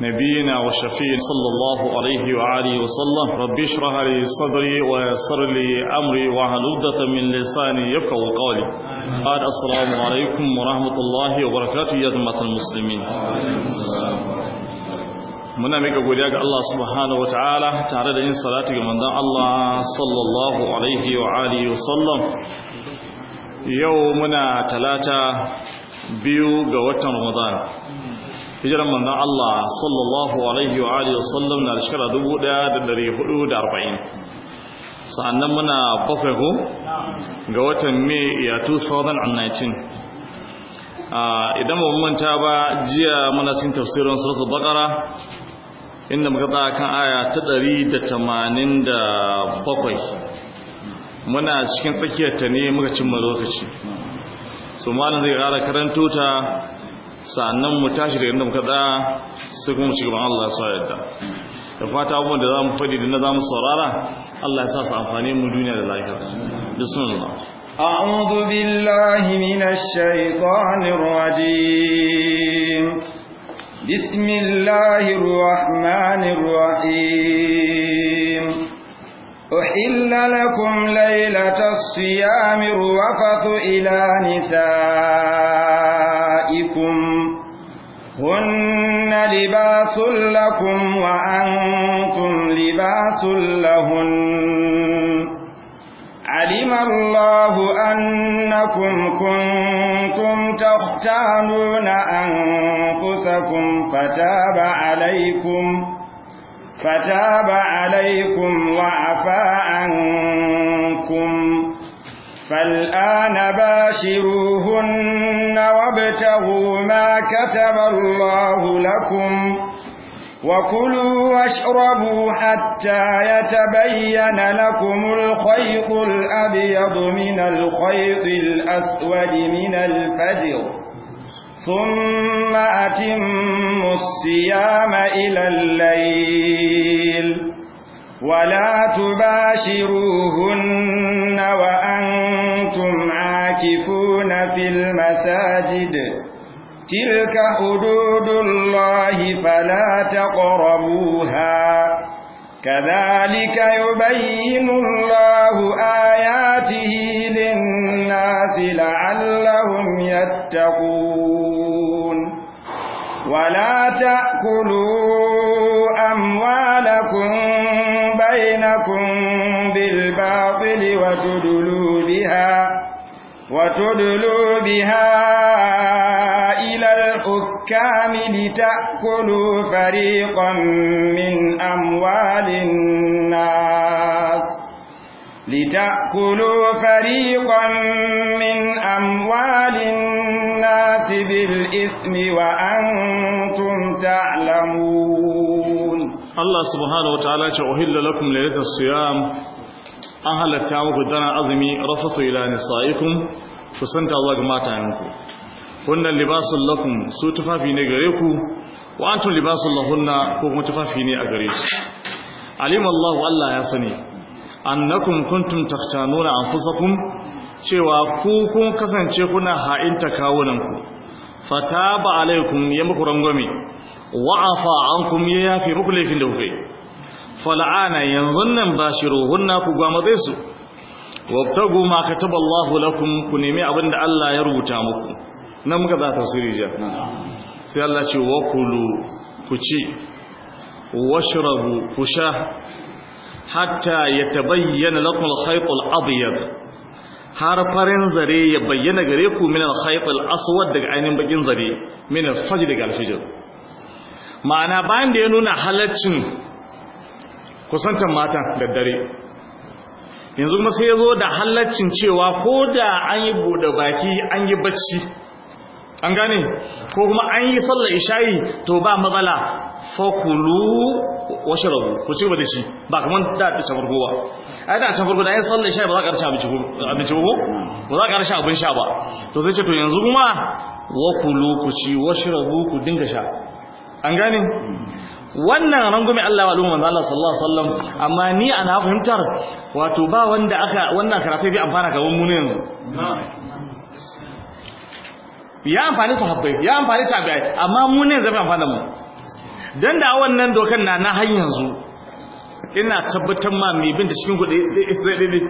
نبينا وشفيه صلى الله عليه وآله وسلم رب اشرح لي صدري ويسر لي أمري وعن أدة من لساني يفقه قولي قال السلام عليكم ورحمة الله وبركاته يدمة المسلمين من أمك أقول الله سبحانه وتعالى تعالى إن صلاتك من الله صلى الله عليه وآله وسلم يومنا ثلاثة بيو غوتن رمضان hijiran manzon Allah sallallahu alaihi wa alihi wasallam na shekara 1440 sannan muna bakwai ko ga watan May ya 2019 ah, idan ba manta ba jiya muna cin tafsirin suratul baqara inda muka tsaya kan aya ta 187 muna cikin tsakiyar ta ne muka cimma lokaci su malam zai ƙara karanto ta sannan mu tashi da yadda muka tsaya sai kuma ci gaban Allah sa yadda da fata abubuwan da za mu faɗi da na za mu saurara Allah ya sa su amfani mu duniya da lahira bismillah أعوذ بالله من الشيطان الرجيم بسم الله الرحمن الرحيم أحل لكم ليلة الصيام الرفث إلى نسائكم هن لباس لكم وأنتم لباس لهن علم الله أنكم كنتم تختانون أنفسكم فتاب عليكم فتاب عليكم وعفى عنكم فالآن باشروهن وابتغوا ما كتب الله لكم وكلوا واشربوا حتى يتبين لكم الخيط الأبيض من الخيط الأسود من الفجر ثم أتموا الصيام إلى الليل ولا تباشروهن وأنتم عاكفون في المساجد تلك حدود الله فلا تقربوها كذلك يبين الله آياته للناس لعلهم يتقون ولا تأكلوا أموالكم بينكم بالباطل وتدلوا بها وتدلوا بها إلى الحكام لتأكلوا فريقا من أموال الناس لتأكلوا فريقا من أموال الناس بالإثم وأنتم تعلمون Allah subhanahu wa ta'ala ce uhilla lakum laylatas siyam an halatta muku dana azumi rafatu ila nisaikum kusanta zuwa ga matayenku wannan libasul lakum su tufafi ne gare ku wa antum libasul lahunna ko kuma tufafi ne a gare su alim Allah Allah ya sani annakum kuntum taqtanuna anfusakum cewa ku kun kasance kuna ha'inta kawunanku fataba alaikum ya muku rangwame wa'afa ankum ya yafi muku laifin da kuke fal'ana yanzu nan hunna ku gwamaze su wabtagu ma kataballahu lakum ku nemi abin da Allah ya rubuta muku nan muka za tafsiri ja sai Allah ce wa kulu ku ci washrabu ku sha hatta yatabayyana lakum al-khayt al-abyad har farin zare ya bayyana gare ku min al-khayt al-aswad daga ainin bakin zare min al-fajr daga al-fajr ma'ana bayan da ya nuna halaccin kusantar mata da dare yanzu kuma sai ya zo da halaccin cewa ko da an yi bude baki an yi bacci an gane ko kuma an yi sallar ishayi to ba matsala fakulu washe rabu ku ci gaba da shi ba kamar da ta can farko ba ai da can gowa da ai sallar ishayi ba za ka rasha abinci ko ba za ka rasha abin sha ba to sai ce to yanzu kuma wa kulu ku ci washe rabu ku dinga sha an gane wannan rangume Allah wa manzo Allah sallallahu alaihi wasallam amma ni ana fahimtar wato ba wanda aka wannan karatu bi amfana ga mun yanzu ya amfani su sahabbai ya amfani ta biya amma mu ne zai amfana mu dan da wannan dokan na na har yanzu ina tabbatar ma mai bin da cikin kuɗi sai dai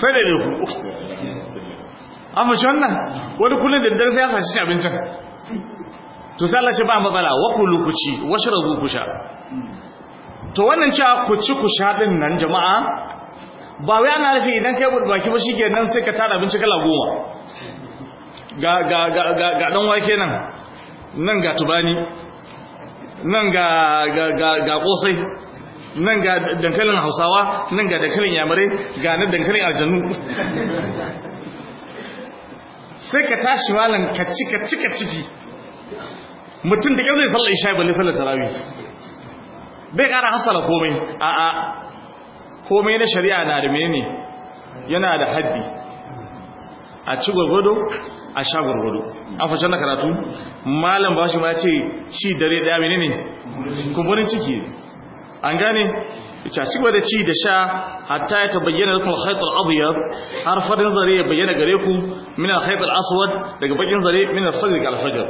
sai dai ku amma shi wannan wani kullun da dare sai ya saci abincin to sai Allah ce ba matsala wa kullu ku ci washrabu kusha to wannan cewa ku ci ku sha din nan jama'a ba wai ana rufe idan kai baki ba shikenan sai ka tara abinci kala goma ga ga ga ga, ga dan wake nan nan ga tubani nan ga ga ga, ga kosai nan ga dankalin Hausawa nan ga dankalin Yamare ga nan dankalin Aljanu sai ka tashi malam ka ci ka ci ka ciki mutum da yau zai sallar isha balle sallar tarawih bai ƙara hasala komai a a komai na shari'a na da menene yana da haddi a ci gwargwado a sha gwargwado a fashe na karatu malam shi ma ce ci dare daya menene kumburin ciki an gane yace a gaba da ci da sha hatta ya tabayyana lakum al-khayt al-abyad har farin zare ya bayyana gare ku min al-khayt al-aswad daga bakin zare min al-fajr al-fajr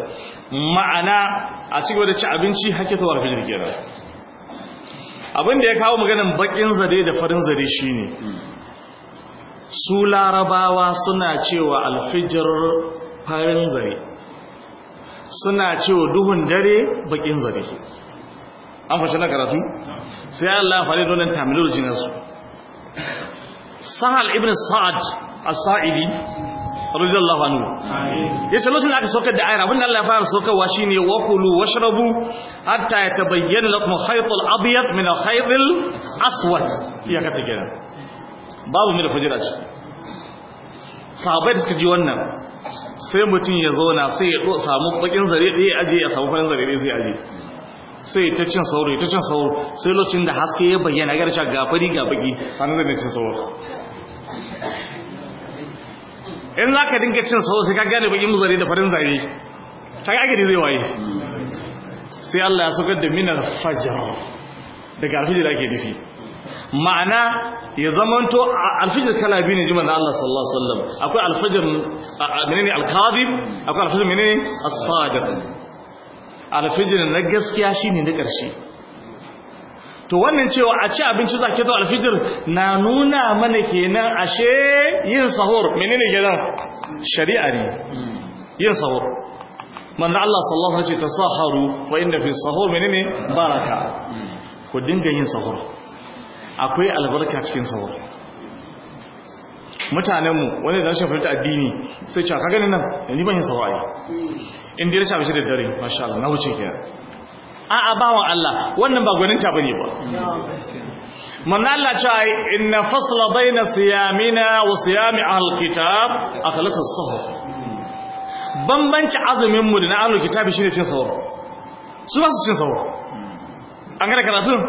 ma'ana a gaba da ci abinci hakki tsawar fajr kenan abin da ya kawo maganan bakin zare da farin zare shine su larabawa suna cewa al-fajr farin zare suna cewa duhun dare bakin zare an fashe na karatu sai Allah ya faɗi donan terminology nasu sahal ibn sa'ad as-sa'idi radiyallahu anhu yace lokacin da aka saukar da ayar abin da Allah ya fara saukarwa shine wa kulu washrabu hatta yatabayyana lakum khayt al-abyad min al-khayt al-aswad ya kata kenan babu mai da fajira ce sahabbai da suka ji wannan sai mutum ya zauna sai ya samu bakin zare ɗaya aje ya samu farin zare ɗaya sai aje sai ta cin sauro ta cin sauro sai lokacin da haske ya bayyana ga rashin gafari ga baki sanar da cin sauro in za ka dinga cin sauro sai ka gane baki muzari da farin zare ta gagari zai waye sai Allah ya saukar da minar fajar daga alfijir da ake nufi ma'ana ya zamanto alfijir kala biyu ne jiman Allah sallallahu alaihi wasallam akwai alfijir menene alkadib akwai alfijir menene as-sadiq Alfijirin na gaskiya shine na ƙarshe to wannan cewa a ci abinci za ke to alfijir na nuna mana kenan ashe yin sahur menene gidan shari'a ne yin sahur manzo Allah sallallahu alaihi wasallam ta saharu wa inda fi sahur menene baraka ku dinga yin sahur akwai albarka cikin sahur mutanenmu wanda da shafi ta addini sai cewa ka gani nan da ni ban yin sawaye in ya shafi shi da dare masha Allah na wuce kenan a a wa Allah wannan ba gwaninta bane ba manna Allah cewa inna fasla bayna siyamina wa siyami ahli kitab akhlaq as-sahur bambanci azumin mu da na ahli kitab shine cin sahur su ba su cin sahur an gane karatun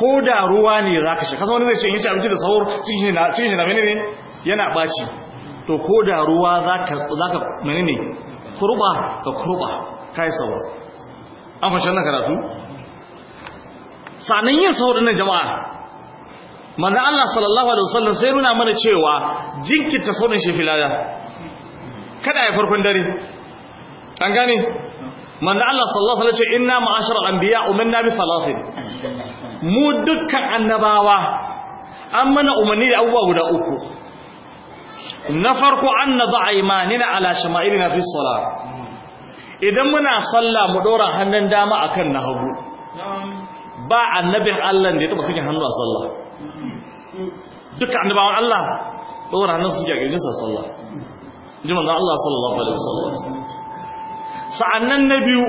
ko da ruwa ne za ka sha kasa wani zai ce in shi abinci da sahur cikin shi na menene yana ɓaci to ko da ruwa za ka menene kurɓa ka kurba kai sauro an fashe na karatu sanan yin sauro na jama'a manzo Allah sallallahu alaihi wasallam sai nuna mana cewa jinkirta saurin shi filada kada ya farkon dare an gane manzo Allah sallallahu alaihi wasallam inna ma'ashar anbiya umanna bi salatin mu dukkan annabawa an mana umarni da abubuwa guda uku na farko an na za'a imanina ala na fi salat idan muna sallah mu dora hannun dama akan na hagu ba annabin Allah da ya taɓa sakin hannu a sallah duka annabawan Allah dora hannun su a gajinsa sallah ji manzon Allah sallallahu alaihi wasallam sa'annan na biyu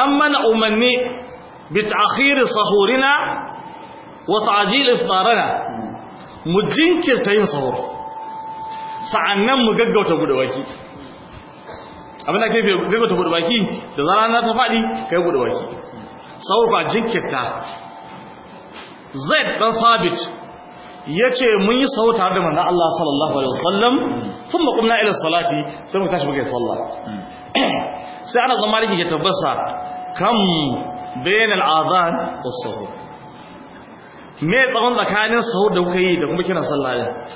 an mana umarni bi ta'khir sahurina wa ta'jil iftarana mu jinkirta yin sahur sa'annan mu gaggauta buɗe baki abin da ke fi gaggauta buɗe da zara na ta faɗi ka yi buɗe baki ba jinkirta zai ɗan sabit ya ce mun yi sau tare da manna Allah sallallahu alaihi wasallam sun ba kumna ila salati sai mu tashi muka yi sallah sai ana zama rikin ya tabbasa kam bayan al'adhan wasu me tsawon tsakanin sahur da kuka yi da kuma kiran sallah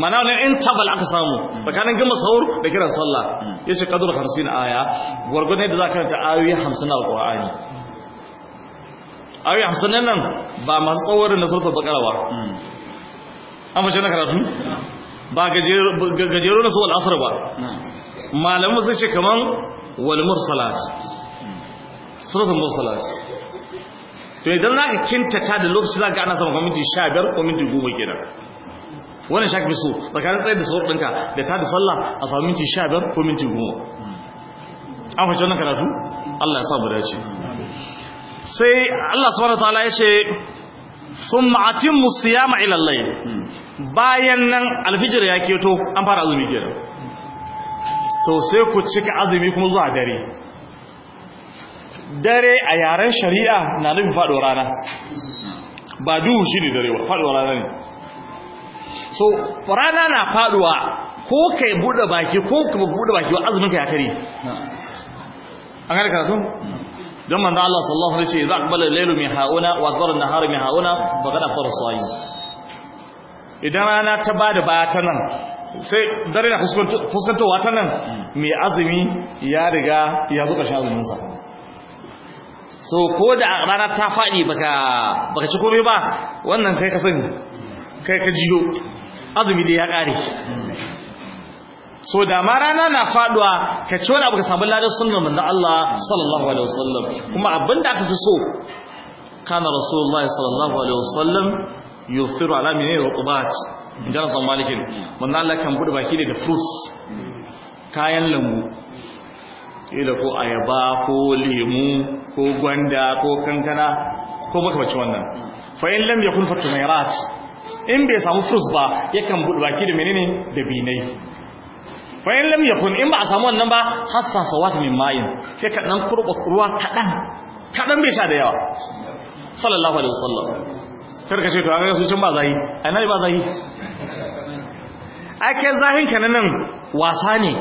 mana wani interval aka samu tsakanin gama sahur da kiran sallah ya ce kadur hamsin aya gwargwadon da za ka ta ayoyi hamsin alqur'ani. ƙwa'ani ayoyi hamsin nan ba masu tsawarin na sulfar bakara ba an mace na karatu ba gajeru na suwal asar ba malamu sai ce kaman wal mursalat suratul mursalat to idan za ka kintata da lokaci za ka ana sama minti sha biyar kwaminti goma kenan wannan bi so tsakanin tsaye da sahur ɗinka da ta da sallah a sami minti sha biyar ko minti goma an fashe wannan karatu Allah ya sa mu dace sai Allah subhanahu ta. ta'ala ya ce sun ma'atin musu ya al bayan nan alfijir ya keto an fara azumi da to sai ku cika azumi kuma zuwa dare dare a yaren shari'a na nufin faɗuwar rana ba duhu shi ne dare ba faɗuwar rana ne so rana na faduwa ko kai bude baki ko kuma bude baki wa azumin ka ya kare an gane karatu don manzo Allah sallallahu alaihi wasallam ya ce zaqbala laylu min hauna wa dhara an-nahar min hauna wa qad fara as idan rana ta bada baya ta nan sai dare na fuskantowa ta nan mai azumi ya riga ya shi azumin sa so ko da rana ta faɗi baka ci komai ba wannan kai ka sani kai ka jiyo azumi da ya kare so da ma rana na faduwa ka ci wani abu ka samu ladan sunan manzo Allah sallallahu alaihi wasallam kuma abinda aka fi so kana rasulullah sallallahu alaihi wasallam yusiru ala min ruqubat inda zan malikin manzon Allah kan bude baki da fruits kayan lambu ila ko ayaba ko lemu ko gwanda ko kankana ko baka ci wannan fa in lam yakun fatumirat in bai samu fus ba yakan buɗe baki da menene da binai fa in lam yakun in ba a samu wannan ba hassasa wata min ma'in sai ka dan kurba ruwa kadan kadan bai sha da yawa sallallahu alaihi wasallam sai ka ce to an ga su cin ba zahi annabi ba zahi kai zahin ka nan wasa ne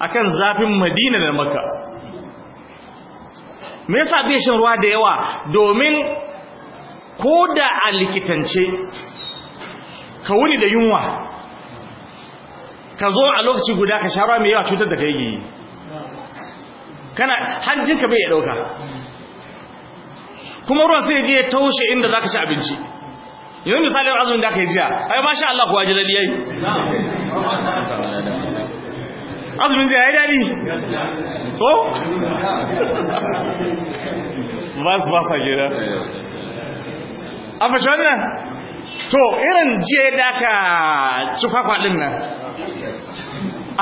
akan zafin Madina da Makka me yasa bai shan ruwa da yawa domin ko da a likitance ka wuni da yunwa ka zo a lokaci guda ka sha ruwa mai yawa cutar da ka yi kana ka bai ya dauka kuma ruwan sai je ya taushe inda zaka ci abinci yanzu misali azumin da ka yi jiya ai masha Allah kuwa ji dadi yayi azumin zai yi dadi to bas bas a gida a fashe nan? to irin je da ka ci din nan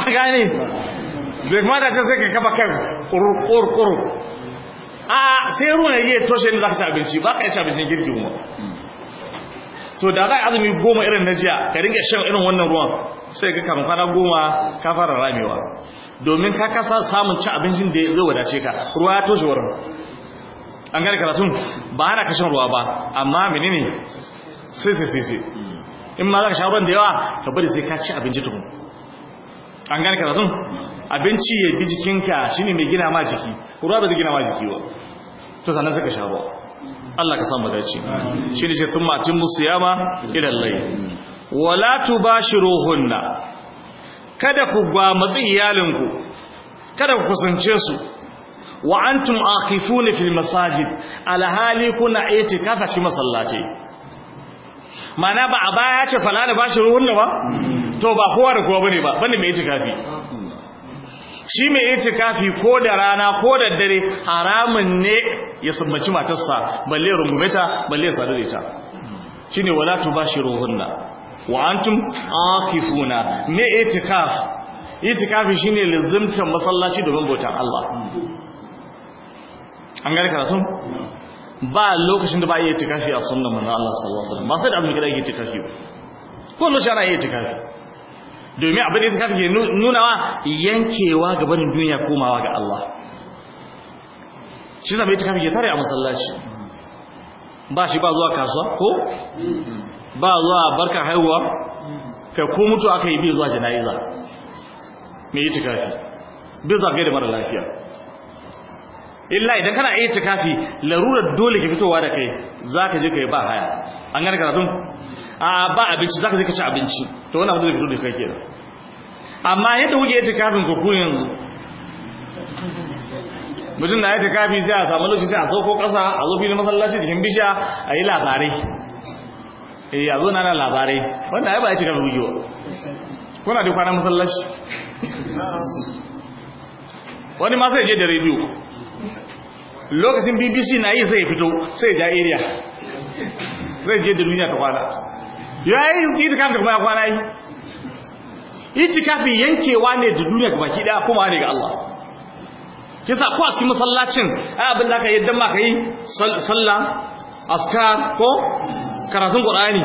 a gani. zai kuma da ce sai ka kafa kan kurkurkur a sai ruwan ya toshe ne za ka ci abinci ba ka yi ci abincin girki kuma to da za a azumi goma irin na jiya ka ringa shan irin wannan ruwan sai ka kama kwana goma ka fara ramewa domin ka kasa samun ci abincin da zai wadace ka ruwa ya toshe wurin an gani karatun ba ana kashin ruwa ba amma menene sai sai sai sai in ma za ka sha ruwan da yawa ka bari sai ka ci abinci tukun an gani karatun abinci ya bi jikinka shi ne mai gina ma jiki ruwa da gina ma jiki ba to sannan sai ka sha ruwa Allah ka samu dace ne ce sun matin musu yama ila lai wala tubashiruhunna kada ku matsi iyalinku kada ku kusance su wa antum aqifuna fil masajid alhali kuna itikafa fi masallati mana ba a baya ce fala ba shi ruhunna ba to ba kowa da kowa bane ba bane mai itikafi shi mai itikafi ko da rana ko da dare haramun ne ya sumbaci matarsa balle rungume ta balle sadu da ita shine wala ruhunna? wa antum akifuna me itikaf itikafi shine lazimtan masallaci domin bautar Allah an gane karatun ba lokacin da ba iya tikafi a sunan manzo Allah sallallahu alaihi wasallam ba sai da abin da yake tikafi ba ko lokacin ana iya tikafi domin abin da tikafi ke wa yankewa ga barin duniya komawa ga Allah shi zama tikafi ke tare a masallaci ba shi ba zuwa kasuwa ko ba zuwa barkar haihuwa kai ko mutu aka yi bi zuwa jana'iza me yi tikafi bi zuwa gaida mara lafiya illa idan kana iya tikafi larurar dole ke fitowa da kai zaka je kai ba haya an gane karatun a ba abinci zaka je ka ci abinci to wannan wanda zai fito da kai kenan amma yadda kuke iya tikafin ku ku yanzu mutum na ya tikafi sai a samu lokaci sai a sauko kasa a zo filin masallaci cikin bisha a yi labarai eh a zo na labarai wannan ai ba ya tikafi kuke ba kuna da kwana masallaci wani ma sai je da rediyo lokacin bbc na yi zai fito sai ja area zai je da duniya ta kwana ya yi itikafi da kuma ya kwana yi itikafi yankewa ne da duniya ga baki daya kuma ne ga Allah kisa ko a cikin masallacin ai abin da aka yadda ma ka yi sallah askar ko karatun qur'ani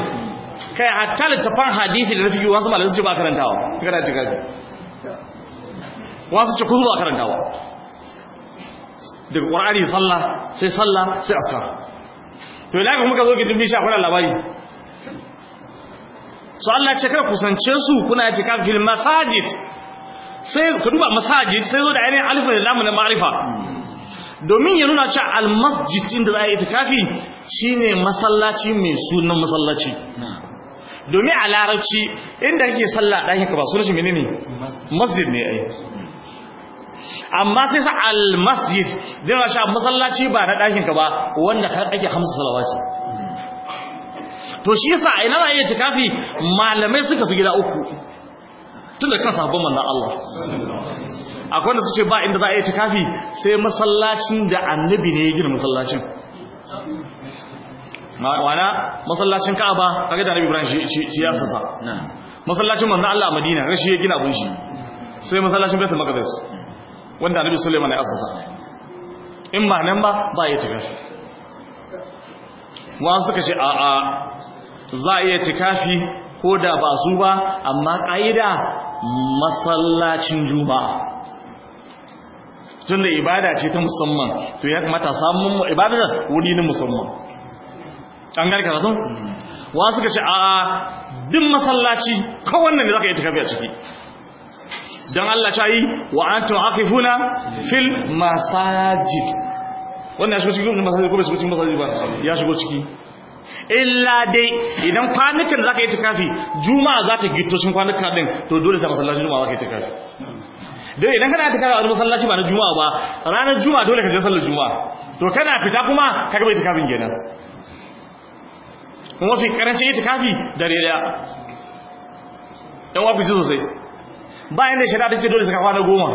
kai hatta tafan hadisi da nafi wasu malamai su ce ba karantawa kana itikafi wasu ce ku zuwa karantawa daga qur'ani sallah sai sallah sai askar to ila ga muka zo gidin bisha fara labari so Allah ce kar kusance su kuna ka fil masajid sai ku duba masajid sai zo da ainihin alif da lam na ma'rifa domin ya nuna cewa almasjid din da za a yi shine masallaci mai sunan masallaci domin a larabci inda kake sallah ɗakin ka ba sunan shi menene masjid ne ai amma sai sa al masjid zai na sha masallaci ba na ɗakin ka ba wanda ake hamsa salawati to shi yasa ina za a iya tikafi malamai suka su gida uku tun da kan sahabban manzon Allah akwai wanda su ce ba inda za a iya tikafi sai masallacin da annabi ne ya gina masallacin wana masallacin Ka'aba kage da Annabi Ibrahim shi ya sasa masallacin manzon Allah a Madina rashi ya gina abun shi sai masallacin Baitul Maqdis wanda annabi Sulaiman ya asasa in ba nan ba ba ya cika wa suka ce a a za iya tikafi ko da ba su ba amma ƙa'ida masallacin juma'a tunda ibada ce ta musamman to ya kamata samun ibadar wuri na musamman an gane karatu mm. wa suka ce a duk masallaci wannan ne zaka yi tikafi a ciki don Allah ta yi wa an tun haƙifuna fil masajid wannan ya shigo cikin masajid ko bai shigo cikin masajid ba ya shigo ciki illa dai idan kwanukan za ka yi tukafi juma'a za ta gito cikin kwanuka din to dole sa masallacin juma'a za ka yi tukafi dai idan kana ta kawo masallaci ba na juma'a ba ranar juma'a dole ka je sallar juma'a to kana fita kuma ka ga bai tukafin kenan kuma mafi karancin tukafi dare daya dan wafi ji sosai ba inda shari'a ta ce dole sai ka kwana goma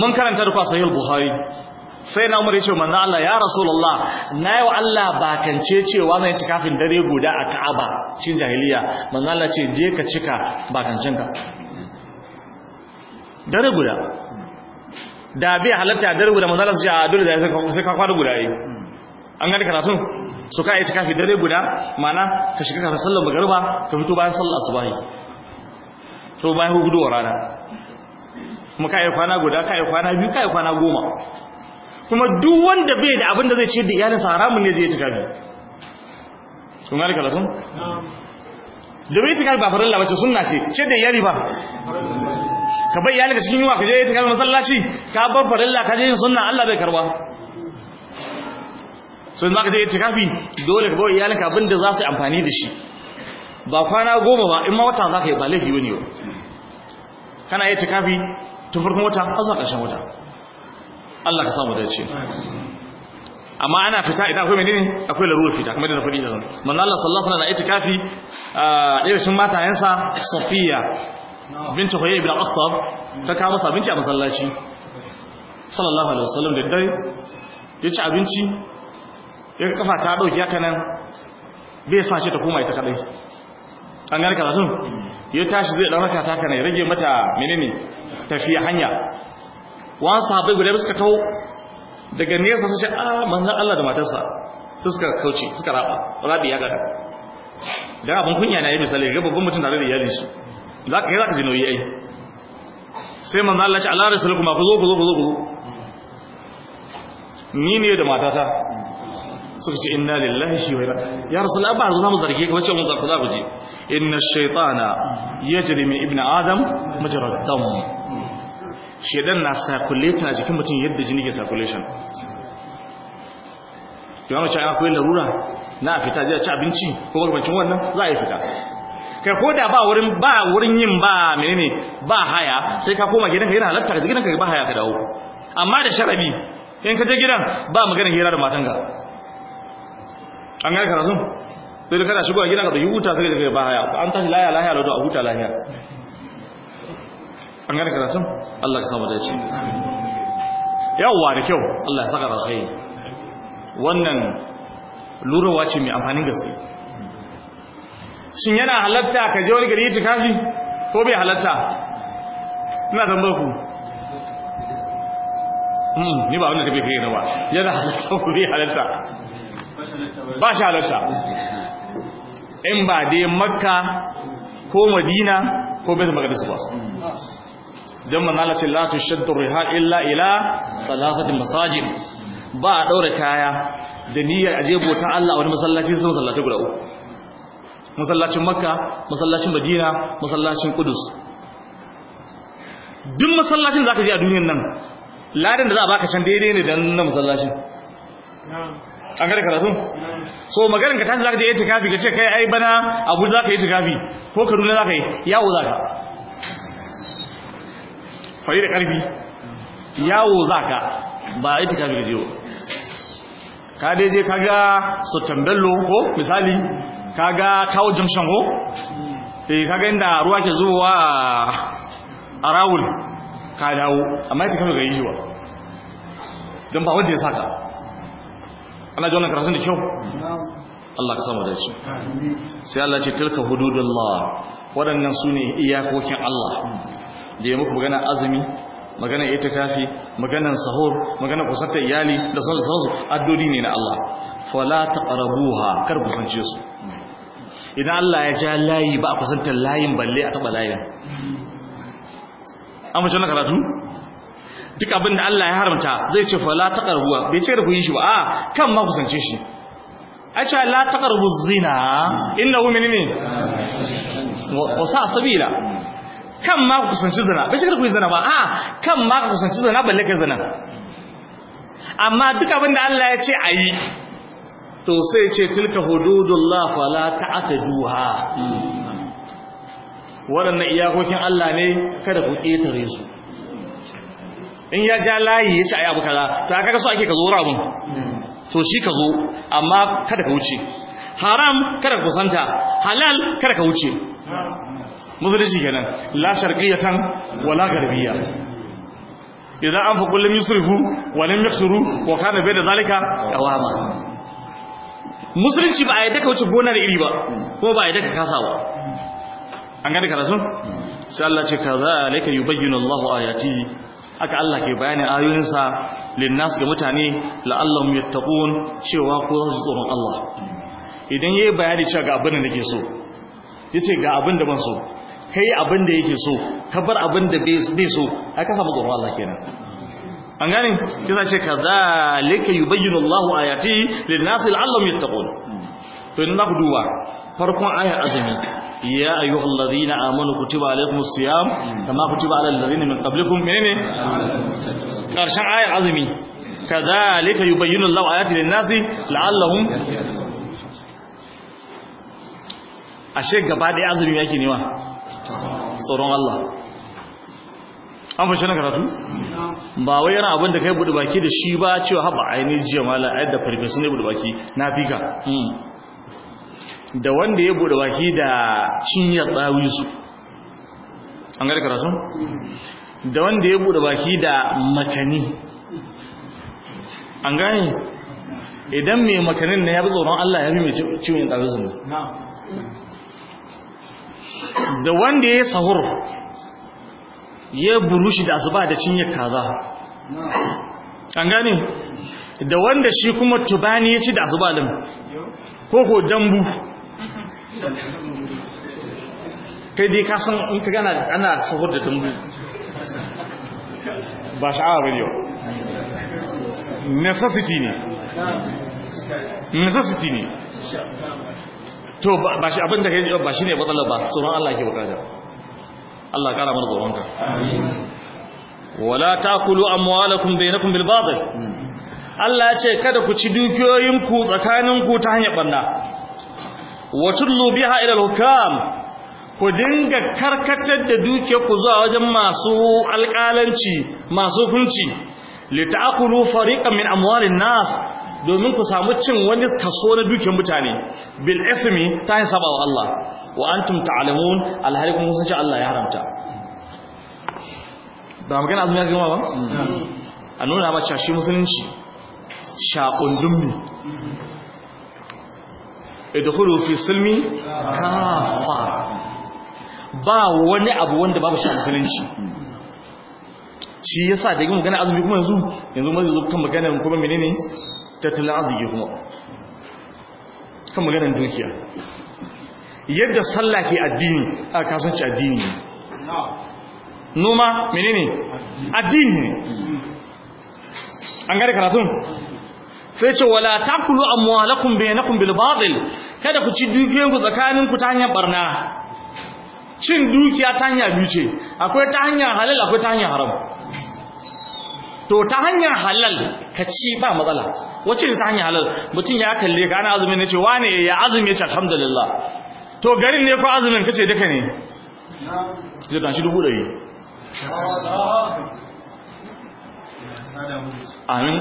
mun karanta da kwasayil buhari sai na umar ya ce manzo Allah ya rasulullah na yau Allah bakance cewa zan yi kafin dare guda a Ka'aba cikin jahiliya manzo Allah ce je ka cika bakancinka dare guda da bai halatta dare guda manzo Allah ce a dole da sai ka kwana guda yi an gani karatun su ka yi kafin dare guda mana ka shiga kafin sallar magriba ka fito bayan sallar asubahi so ya hudu rana kuma ka yi kwana guda ka yi kwana biyu ka yi kwana goma kuma duk wanda bai da abin da zai ce da iyalinsa haramun ne zai cika biyu kun gane karatun domin cika ba farin labarci sunna ce ce da iyali ba ka bai iyali ka cikin yiwa ka je itikar masallaci ka bar farilla ka je sunna Allah bai karba sun in zaka je itikafi dole ka bai iyalin ka abin da za su amfani da shi ba kwana goma ba in ma wata za ka yi ba laifi wani yau kana yi tikafi tun farkon wata a zuwa ƙarshen wata Allah ka samu dace amma ana fita idan akwai menene akwai laruwa fita kamar da na faɗi da zama. manzo Allah sallallahu alaihi wasallam na itikafi a ɗaya matayensa Safiya binta Huyay ibn Akhtab ta kawo masa abinci a masallaci sallallahu alaihi wasallam da dare ya ci abinci ya kafa ta dauki haka nan bai sa shi ta koma ita kadai an gane karatun mm. ya tashi zai ɗaraka taka ne rage mata menene tafiya hanya wa sahabai guda suka tau daga nesa su ce a ah, manzan Allah da matarsa suka kauce suka raba rabi ya gada dan abin kunya na yi misali ga babban mutum tare da iyalin shi za ka yi za ka ji nauyi ai sai manzan Allah ya ce Allah rasulukum ku zo ku zo ku zo ku zo mm. ni ne da matata mm. suka ce inna lillahi shi wa ya rasul abba za mu zarge ka wace mun zarge za ku je inna shaytana yajri min ibn adam majrad dam shedan na circulate a jikin mutum yadda jini ke circulation to yana cewa akwai larura na fita zai ci abinci ko magabancin wannan za a yi fita kai ko da ba wurin ba wurin yin ba menene ba haya sai ka koma gidanka yana halatta ka gidanka ba haya ka dawo amma da sharabi in ka je gidan ba magana hira da matanka an gane karatun sai da kana shigowa gina ka dauki huta sai da ba baya an tashi laya laya da a huta laya an gane karatun Allah ka samu dace yawwa da kyau Allah ya saka rasai. wannan lurawa ce mai amfanin gaske shin yana halatta ka je wani gari itikafi ko bai halatta ina tambayar ku hmm, ni ba wannan fi kai na ba yana halatta ko bai halatta ba shi halatta in ba dai makka ko madina ko bai magadis ba don manala ce latu shaddun riha illa ila salafatin masajin ba a ɗaura kaya da niyyar je bota Allah wani masallaci sun sallaci guda uku masallacin makka masallacin madina masallacin kudus duk masallacin da ka je a duniyar nan ladin da za a baka can daidai ne da na masallacin an gari karatu so maganin ka tashi zaka je itikafi ka ce kai ai bana abu zaka yi itikafi ko Kaduna zaka yi yawo zaka fari da karfi yawo zaka ba itikafi ka je ka dai je kaga Sultan Bello ko misali kaga Kawo Junction ko eh kaga inda ruwa ke zuwa a Rawul ka dawo amma itikafi ka yi shi wa don ba wanda ya saka ana ji wannan karatun da kyau Allah ka samu da shi sai Allah ce tilka hududullah waɗannan su ne iyakokin Allah da ya muku magana azumi magana itikafi maganan sahur magana kusanta iyali da sauransu addodi ne na Allah fala taqrabuha kar kusance su idan Allah ya ja layi ba a kusantar layin balle a taba layin an mace na karatu duk abin da Allah ya haramta zai ce fa la taqrabu bai ce da ku yi shi ba a kan ma kusance shi a ce la taqrabu zina innahu min ne wa sa sabila kan ma kusanci zina bai ce da ku yi zina ba a kan ma kusanci zina balle kai zina amma duk abin da Allah ya ce ayi to sai ce tilka hududullah fala ta'taduha waɗannan iyakokin Allah ne kada ku ƙetare su in ya ja layi ya ce ayi abu kaza to kaga so ake ka zo abun to shi ka zo amma kada ka wuce haram kada ka kusanta halal kada ka wuce musulunci kenan la sharqiyatan wala garbiya idan an fa kullum yusrifu wa lam yakhsuru wa kana da zalika qawama musulunci ba a yadda ka wuce gona da iri ba ko ba a yadda ka kasa ba an gane karatu sai Allah ce alayka yubayyinu Allahu ayati aka Allah ke bayanin ayoyinsa linnas ga mutane la'allahum yattaqun cewa ko za su tsoron Allah idan yayi bayani cewa ga abin da nake so yace ga abin da ban so kai abin da yake so ka bar abin da bai so ai ka samu tsoron Allah kenan an gane kisa ce kadhalika yubayyinu Allahu ayati linnas la'allahum yattaqun to in na duba farkon ayar azumi ya ayyuhal ladina amanu kutiba alaykumus siyam kama kutiba alal ladina min qablikum menene karshen ayar azumi kadhalika yubayyinu Allahu ayati lin-nasi la'allahum ashe gaba da azumi yake wa? tsoron Allah an fashe na karatu ba wai yana abin da kai budu baki da shi ba cewa haba ainihin jiya mala ayyar da farfesu ne budu baki na fika hmm. da wanda ya buɗe baki da cinyar su an gari karatu da wanda ya buɗe baki da makani an gani idan mai makanin na ya bi tsoron Allah ya fi mai ciwon tsawisu ne da wanda ya yi sahur ya burushi da asuba da cinyar kaza an gani da wanda shi kuma tubani ya ci da asuba din ko ko dambu kai dai ka san in ka gana ana sahur da dambu ba sha'awa ba ne necessity ne necessity ne to ba shi abin yi kai ba shi ne matsalar ba tsoron Allah ke bukata Allah kara mana ka wala takulu amwalakum bainakum bil batil hmm. Allah ya ce kada ku ci dukiyoyinku tsakaninku ta hanyar banna wa tullu biha ila al-hukam ku dinga karkatar da duke ku zuwa wajen masu alƙalanci masu hukunci li ta'kulu fariqan min amwalin nas domin ku samu cin wani kaso na dukiyar mutane bil ismi ta hisaba sabawa Allah wa antum ta'lamun alhalikum sun ce Allah ya haramta ba magana azumi ya gama ba mm. a nuna ba shashi musulunci shakundun ne idkhulu fi silmi kafa ba wani abu wanda babu shi a musulunci shi yasa da yi magana azumi kuma yanzu yanzu ma zai kan magana kuma menene tattalin arziki kuma kan maganar dukiya yadda sallah ke addini a kasance addini noma menene addini an gane karatun sai ce wala takulu amwalakum bainakum bil batil kada ku ci dukiyoyin ku tsakanin ku ta hanyar barna cin dukiya ta hanya biyu ce akwai ta hanyar halal akwai ta hanyar haram to ta hanyar halal ka ci ba matsala wace ce ta hanyar halal mutum ya kalle ka ana azumi ne ce wane ya azumi ya ce alhamdulillah to garin ne ko azumin kace duka ne zai dan shi dubu dai amin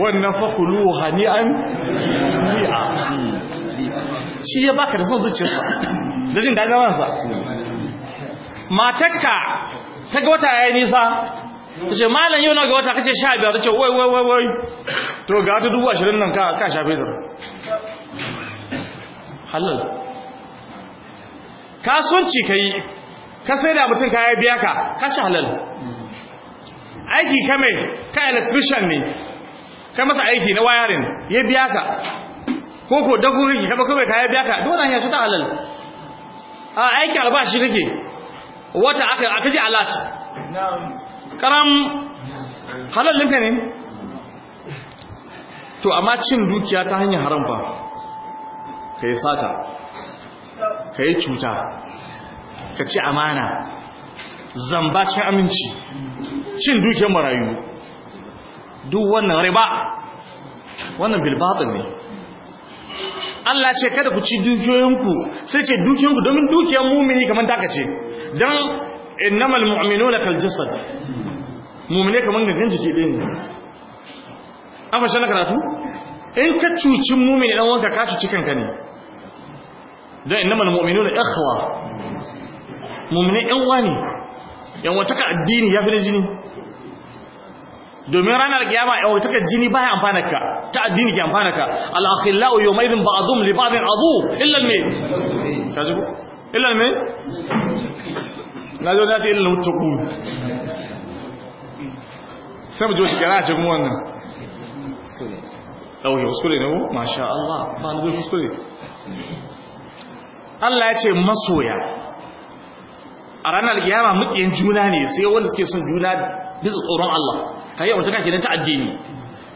wannan fakulu hani'an ni'a shi ya baka da son zuciyarsa da jin daga wansa matakka ta ga wata yayi nisa ta ce malam yau na ga wata kace sha biyar ta ce wai wai wai wai to ga ta dubu ashirin nan ka ka sha biyar. halal kasuwanci ka yi ka sai da mutum kaya biya ka ka ci halal aiki ka ka electrician ne ka masa aiki na wayarin ya biya ka ko ko dagogi ka ba kawai kaya biya ka dole ya ci ta halal a aiki albashi kake wata aka aka ji alat karam halal ɗinka ne to amma cin dukiya ta hanyar haram ka yi sata ka yi cuta ka ci amana zamba cin aminci cin dukiyar marayu duk wannan riba wannan bilbatin ne Allah ce kada ku ci dukiyoyinku sai ce dukiyoyinku domin dukiyar mumini kamar taka ce don innamal mu'minuna kal jasad mumine kamar gangan jiki ɗin. ne an fashe na karatu in ka cuci mumini dan wanka ka cuci kanka ne don innamal mu'minuna ikhwa mummune yan uwa ne yan addini ya fi jini domin ranar kiyama yan wataka jini baya amfana ka ta addini ke amfana ka al-akhillau yawmaidin ba'dhum li ba'dhin azu illa al illal kaji na zo na ce illa al-muttaqun sai mu joshi kana a kuma wannan dauke kuskure ne ko masha Allah ba na ni kuskure Allah ya ce masoya a ranar alkiyama mukiyan juna ne sai wanda suke son juna da tsoron Allah Ka yi wata mutaka nan ta addini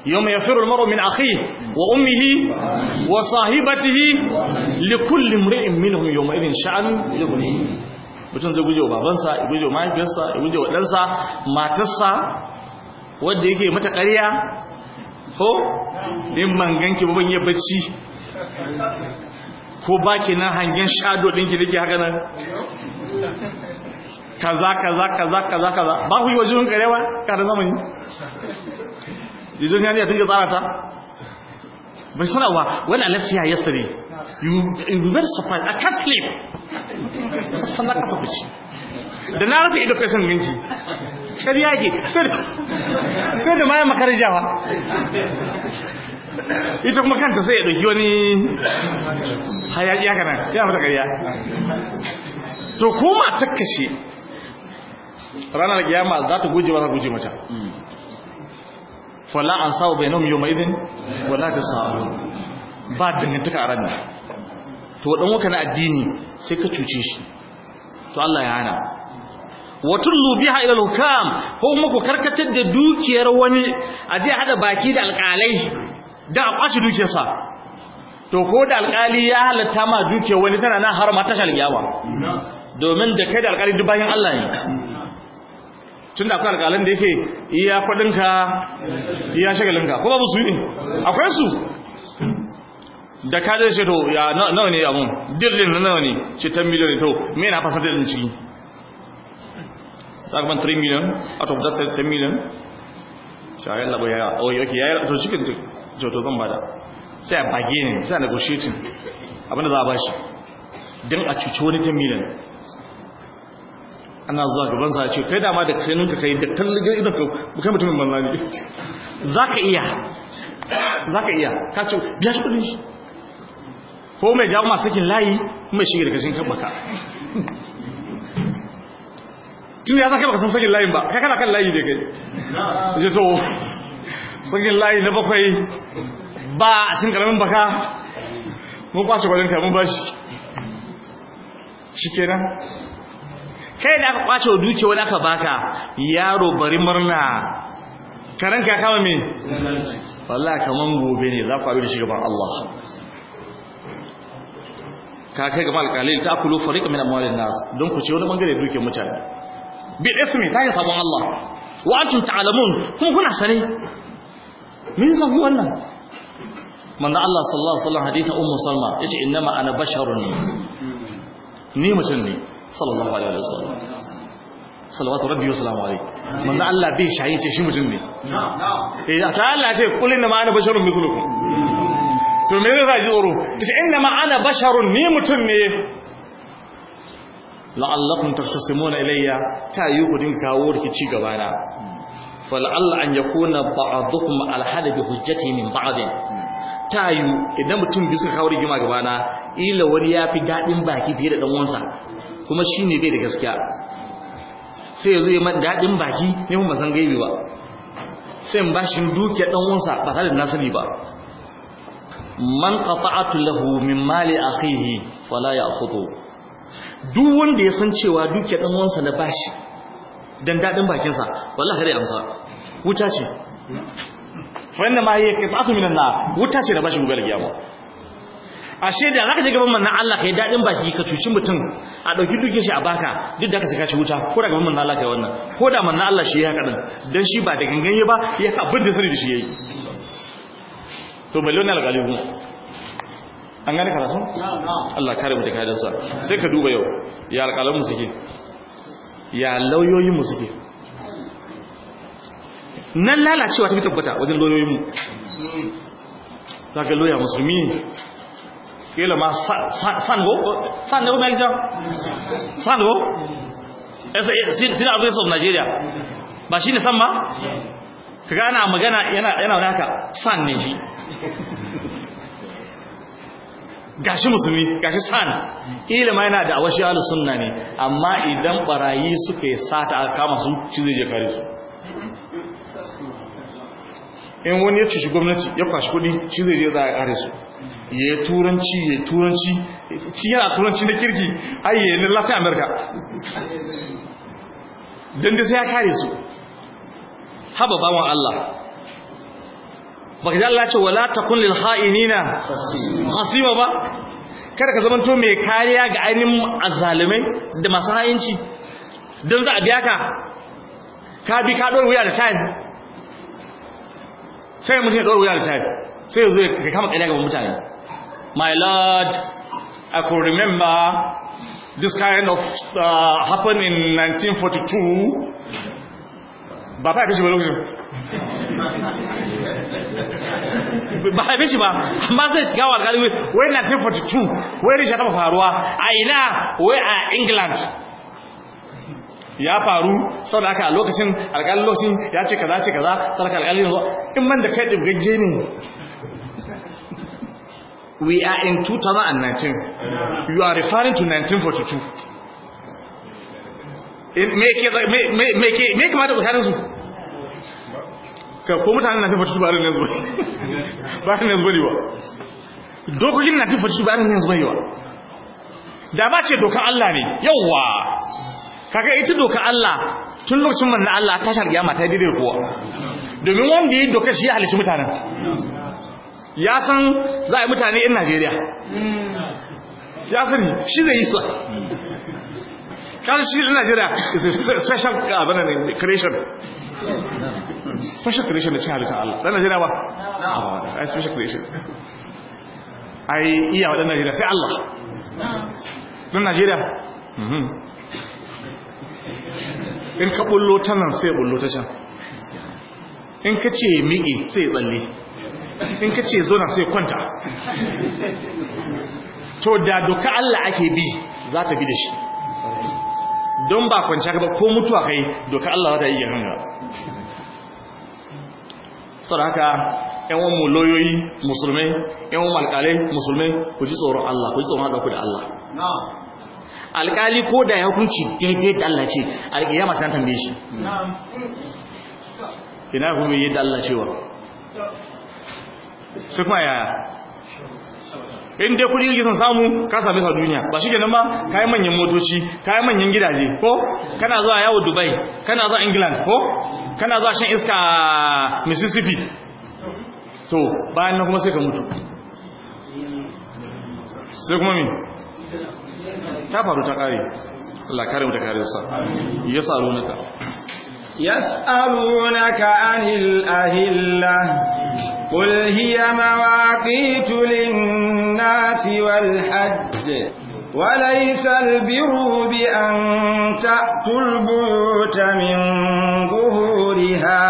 ya firar almaru min akhihi wa ummihi wa sahibatihi li kulli imri'in minhum yawma idin sha'an yughni mutum zai guje wa babansa ya guje wa mahaifiyarsa ya guje wa ɗansa matarsa wanda yake mata ƙarya ko din man ganki ba ban yi bacci ko ba ki nan hangen shado ɗinki da ke haka nan kaza kaza kaza kaza kaza ba ku yi wa jihun karewa karin zamani jijin yanzu ya tunke tsara ta bai suna wa when I left here yesterday you you very surprised I can't sleep sannan kasa ku da na rufe ido kasan sai ƙarya ke sai da mayan makarajawa ita kuma kanta sai ya ɗauki wani hayaƙi haka nan ya fata ƙarya to kuma ta kashe ranar kiyama za ta guje wata guje mata fala an sawo bai nomi yau mai izin wala ta sawo ba dangantaka a ranar to waɗanda waka na addini sai ka cuce shi to Allah ya hana watullu biha ila al ko kuma ku karkatar da dukiyar wani a je hada baki da alƙalai da a kwashe dukiyarsa to ko da alƙali ya halatta ma dukiyar wani tana na har ta tashar domin da kai da alƙali duk bayan Allah ne tun da akwai alkalin da yake iya kwadinka iya shagalinka ko babu su ne akwai su da ka zai ce to ya nawa ne abun dirlin na nawa ne ce 10 miliyan to me na fasar dirlin ciki tsakaman 3 miliyan out of that 10 miliyan shayar labo ya yi oyoki ya yi to cikin duk to to zan bada sai a bage ne sai a negotiating abinda za a bashi don a cuci wani jin milan. ana zuwa gaban sa ce kai dama da kai ka kai da talliga idan ka bukai mutumin banza ne ka iya ka iya ka ce biya shi kudin shi ko mai jawo masu sakin layi mai shiga da kashin kabaka tun ya zaka baka san sakin layin ba kai kana kan layi ne kai zai to tsagin layi na bakwai ba a cin karamin baka mun kwashe gwajin karamin bashi shi kenan kai da aka kwace wa duke wani aka baka yaro bari murna karen ka kama me wallahi kaman gobe ne za ku abin shi gaban Allah ka kai gaban alƙalil ta kulu fariqa min amwalin nas don ku ce wani bangare duke mutane bi ismi ta yi sabon Allah wa antum ta'lamun kuma kuna sani me zai zafi wannan manzo Allah sallallahu alaihi wasallam hadisi ummu salma yace innama ana basharun ni mutum ne sallallahu alaihi wasallam salawatu rabbi wa salamu alaihi manzo Allah bai shayi ce shi mutum ne eh ta Allah ce kul inna ma ana basharun mithlukum to me zai ji tsoro ce inna ma ana basharun ni mutum ne la'allakum taqtasimuna ilayya ta yi kudin kawo rikici gabana fal'alla an a ba'dhukum alhala bi hujjati min Ta yi idan mutum bisa kawo rigima gaba na ila wani yafi daɗin baki fiye da ɗanwansa kuma shi ne bai da gaskiya sai yazo ya man daɗin baki ne kuma san gaibi ba sai in shi dukiyar ɗanwansa ba tare da nasani ba man qata'atu lahu min mali akhihi fala ya'khudhu duk wanda ya san cewa dukiyar ɗanwansa na bashi dan dadin bakin sa wallahi dai amsa wuta ce wanda ma yi ka tsatu minan na wuta ce da bashi gugar a ashe da ka je gaban manna Allah ka yi daɗin baki ka cuci mutum a ɗauki dukin shi a baka duk da ka saka shi wuta ko da gaban manna Allah yi wannan ko da manna Allah shi ya haka don shi ba da gangan ba ya ka abin da sani da shi ya yi. to balon alqalibu an gane karatu Allah kare mutu da kayansa sai ka duba yau ya alqalamu suke ya lauyoyin mu suke nan lalacewa ta fi tabbata wajen mu. za ka loya musulmi ne kila ma sanwo sanwo mai sanwo sango sinadris of nigeria ba shi ne san ba ka gana magana yana wani haka san ne shi gashi musulmi gashi san ilima yana da awashi alusunna ne amma idan barayi suka yi sata kama sun shi zai je kare su in wani ya shi gwamnati ya kwashi kudi shi zai je za a kare su ya yi turanci ya yi turanci ci yana turanci na kirki ai na latin amurka don da sai ya kare su haba bawan allah baka ji allah ce wala takun lil ha'inina hasima ba kada ka to mai kariya ga ainihin azalumai da masu ha'inci don za a biya ka ka bi ka ɗora wuya da tayin sai mutum ya ɗora da tafi sai zai zo kama ƙarya gaban mutane my lord i could remember this kind of uh, happen in 1942 ba fa ya shi ba lokacin ba haife shi ba amma zai shiga wa galibi wai 1942 wai rishe taba faruwa a ina wai a england ya faru saboda haka a lokacin alƙalin lokacin ya ce kaza ce kaza saboda alƙalin zo in man da kai dubgagge ne we are in 2019 you are referring to 1942 eh, me kama da tsakanin su ko mutanen na tafi ba rin yanzu ba ne yanzu ne ba dokokin na tafi ba rin yanzu ba da ba ce dokan Allah ne yawwa kaga ita doka Allah tun lokacin manzon Allah ta shar kiyama ta dire kuwa domin wanda yi doka shi halishi mutanen ya san za a yi mutane in Najeriya ya sani shi zai yi su shi in Najeriya is a special abin creation special creation da cin halittar Allah dan Najeriya ba yi special creation ai iya waɗannan Najeriya sai Allah dan Najeriya mhm. in ka bullo ta nan sai bullo ta can in ka ce miƙe sai tsalle in ka ce zona sai kwanta to da doka Allah ake bi za ta bi da shi don ba kwanci ba ko mutuwa kai doka Allah za ta yi ganga sau da haka ‘yan'uwan mu loyoyi musulmai ‘yan'uwan alƙalai musulmai ku ji tsoron Allah ku ji tsoron haɗa ku da Allah alkali ko da ya hukunci daidai da Allah ce alkiyama san tambaye shi ina hukunci yadda Allah cewa su kuma yaya in dai kudi yake son samu ka same sa duniya ba shi kenan ma kayan manyan motoci kai manyan gidaje ko kana zuwa yawo dubai kana zuwa england ko kana zuwa shan iska mississippi to bayan nan kuma sai ka mutu sai kuma mi ta faru ta kare lakarin da karinsa ya tsaro na ka yas'aluna ka anil ahilla qul hiya mawaqitu lin nasi wal hajj walaysa al birru bi an min zuhuriha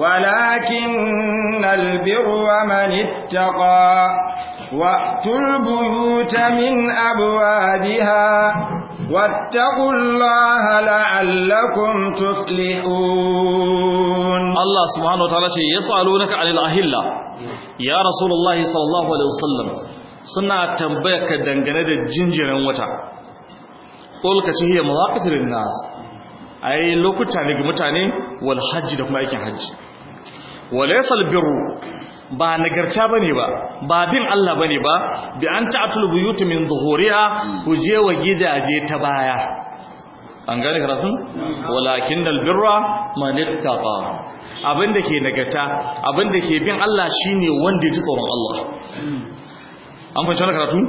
walakin al birru man ittaqa وَأْتُوا الْبُيُوتَ مِنْ أَبْوَابِهَا وَاتَّقُوا اللَّهَ لَعَلَّكُمْ تُفْلِحُونَ الله سبحانه وتعالى يسألونك عن الأهلة يا رسول الله صلى الله عليه وسلم suna tambayar ka dangane da jinjirin wata ƙul ka ce hiya mawaƙitar nas ai lokuta ne ga mutane wal da kuma aikin hajji walaysal birru ba nagarta bane ba ba bin Allah bane ba bi an ta'tul buyut min zuhuriha je wa gidaje ta baya an gane karatun walakin dal birra man ittaqa abinda ke nagarta abinda ke bin Allah shine wanda ya ji tsoron Allah an fahimci wannan karatu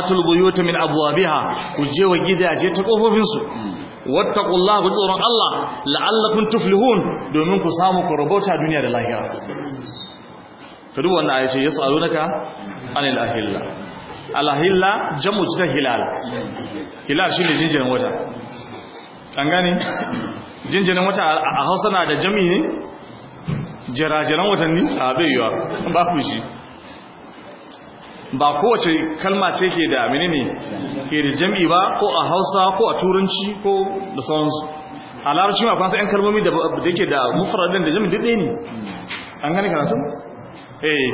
atul buyut min abwabiha je wa gidaje ta kofofin su wattaqullaha bi tsoron Allah la'allakum tuflihun domin ku samu ku rubuta duniya da lahira ka duk wannan ayace yas'alunaka anil ahilla al ahilla jamu ta hilal hilal shine jinjirin wata an gane jinjirin wata a Hausa na da jami ne jirajiran watanni a bai yiwa ba ku shi ba kowace kalma ce ke da menene ke da jami ba ko a Hausa ko a Turanci ko da sauransu a larabci ma kwanse 'yan kalmomi da yake da mufradin da jami'in daɗe ne an gani karatu Eh,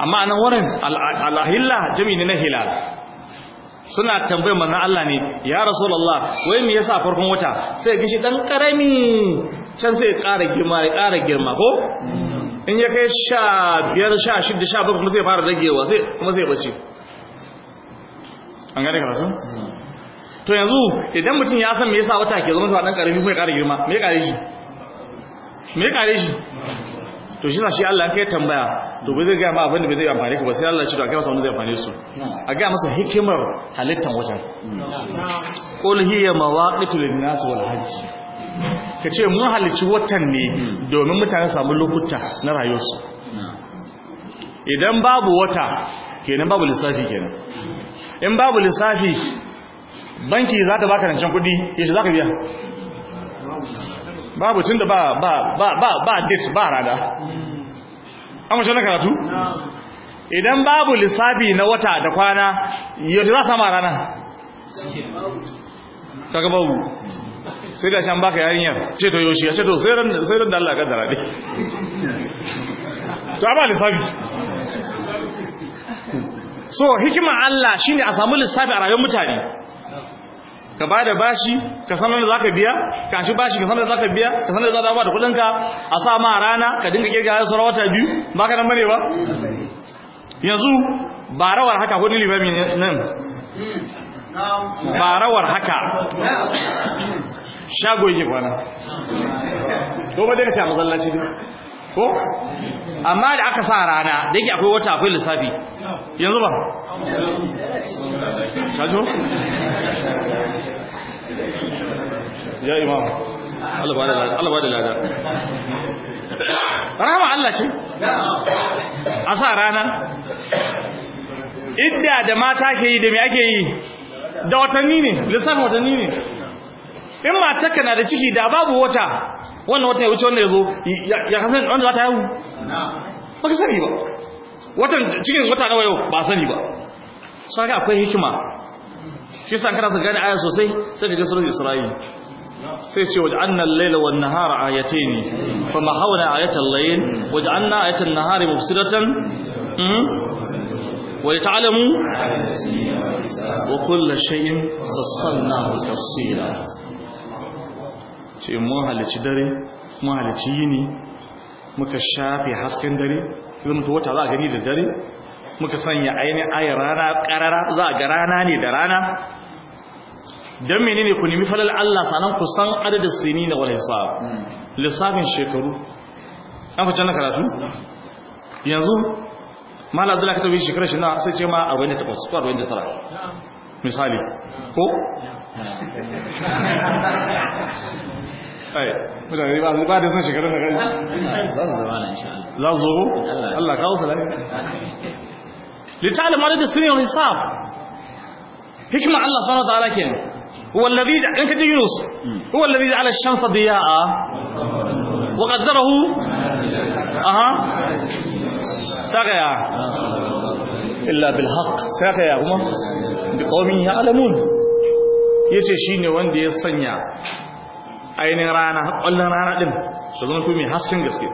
amma anan wurin al'ahilla jami ne na hilal suna tambayar manzon Allah ne ya rasulullah wai me yasa farkon wata sai gishi dan karami can sai ƙara girma ya ƙara girma ko in ya kai sha biyar sha shida sha bakwai kuma sai fara ragewa sai kuma sai bace an gane karatu to yanzu idan mutum ya san me yasa wata ke zama dan karami kuma ya ƙara girma me ya ƙare shi me ya ƙare shi to shi na shi Allah kai tambaya to bai zai gaya ma abin da bai zai amfani ka ba sai Allah ya ce to a kai masa wanda zai amfani su a gaya masa hikimar halittan wajen qul hiya mawaqitu lin-nas wal hajj ka ce mun halicci watan ne domin mutane samu lokuta na rayuwarsu idan babu wata kenan babu lissafi kenan in babu lissafi banki za ta baka rancen kudi yace za ka biya babu tun da ba ba ba ba date ba rada. An shi na karatu idan babu lissafi na wata da kwana yau za sama rana kaga babu sai ga shan baka yarinyar ce to yoshi ya ce to sai ran da Allah kaddara ne to ba lissafi so hikimar Allah shine a samu lissafi a rayuwar mutane ka ba da bashi ka san da zaka biya ka shi bashi ka san da zaka biya ka san da ka ba da kudin ka a sa ma rana ka dinga kirga har sura wata biyu ba ka nan bane ba yanzu ba rawar haka ko mi nan ba rawar haka shago yake kwana to ba da ka ci masallaci ne ko amma da aka sa rana da yake akwai wata akwai lissafi yanzu ba kajo ya imam Allah bada da lada rama Allah ce a sa rana idda da mata ke yi da me ake yi da watanni ne lissafin watanni ne in mata kana da ciki da babu wata wannan watan ya wuce wannan ya zo ya kasan wanda za ta haihu ba ka sani ba watan cikin wata nawa yau ba sani ba sai ga akwai hikima shi san kana gane aya sosai sai ka ga sunan Isra'il sai ce waj'alna al-layla wan nahara fa ayatayn famahawna ayatal layl waj'alna ayatan nahari mubsidatan ولتعلموا وكل شيء فصلناه تفصيلا ce mun halici dare mun halici yini muka shafe hasken dare yi mutu wata za a gani da dare muka sanya ainihin ayar rana karara za a ga rana ne da rana don ne ku nemi falal Allah sanan ku san adadin sini na wani hisab lissafin shekaru an fi na karatu yanzu mala abdullahi ka tabi shekarar shi na sai ce ma 48 ko tara? misali ko طيب. لتعلم عدد السنين والحساب حكمة الله سبحانه وتعالى كين هو الذي جعل انت يونس هو الذي جعل الشمس ضياء وقدره اها سقيا الا بالحق سقيا هم بقوم يعلمون يجي شيء وندي يسنيا ainihin rana kwallon rana ɗin su zama kuma mai hasken gaske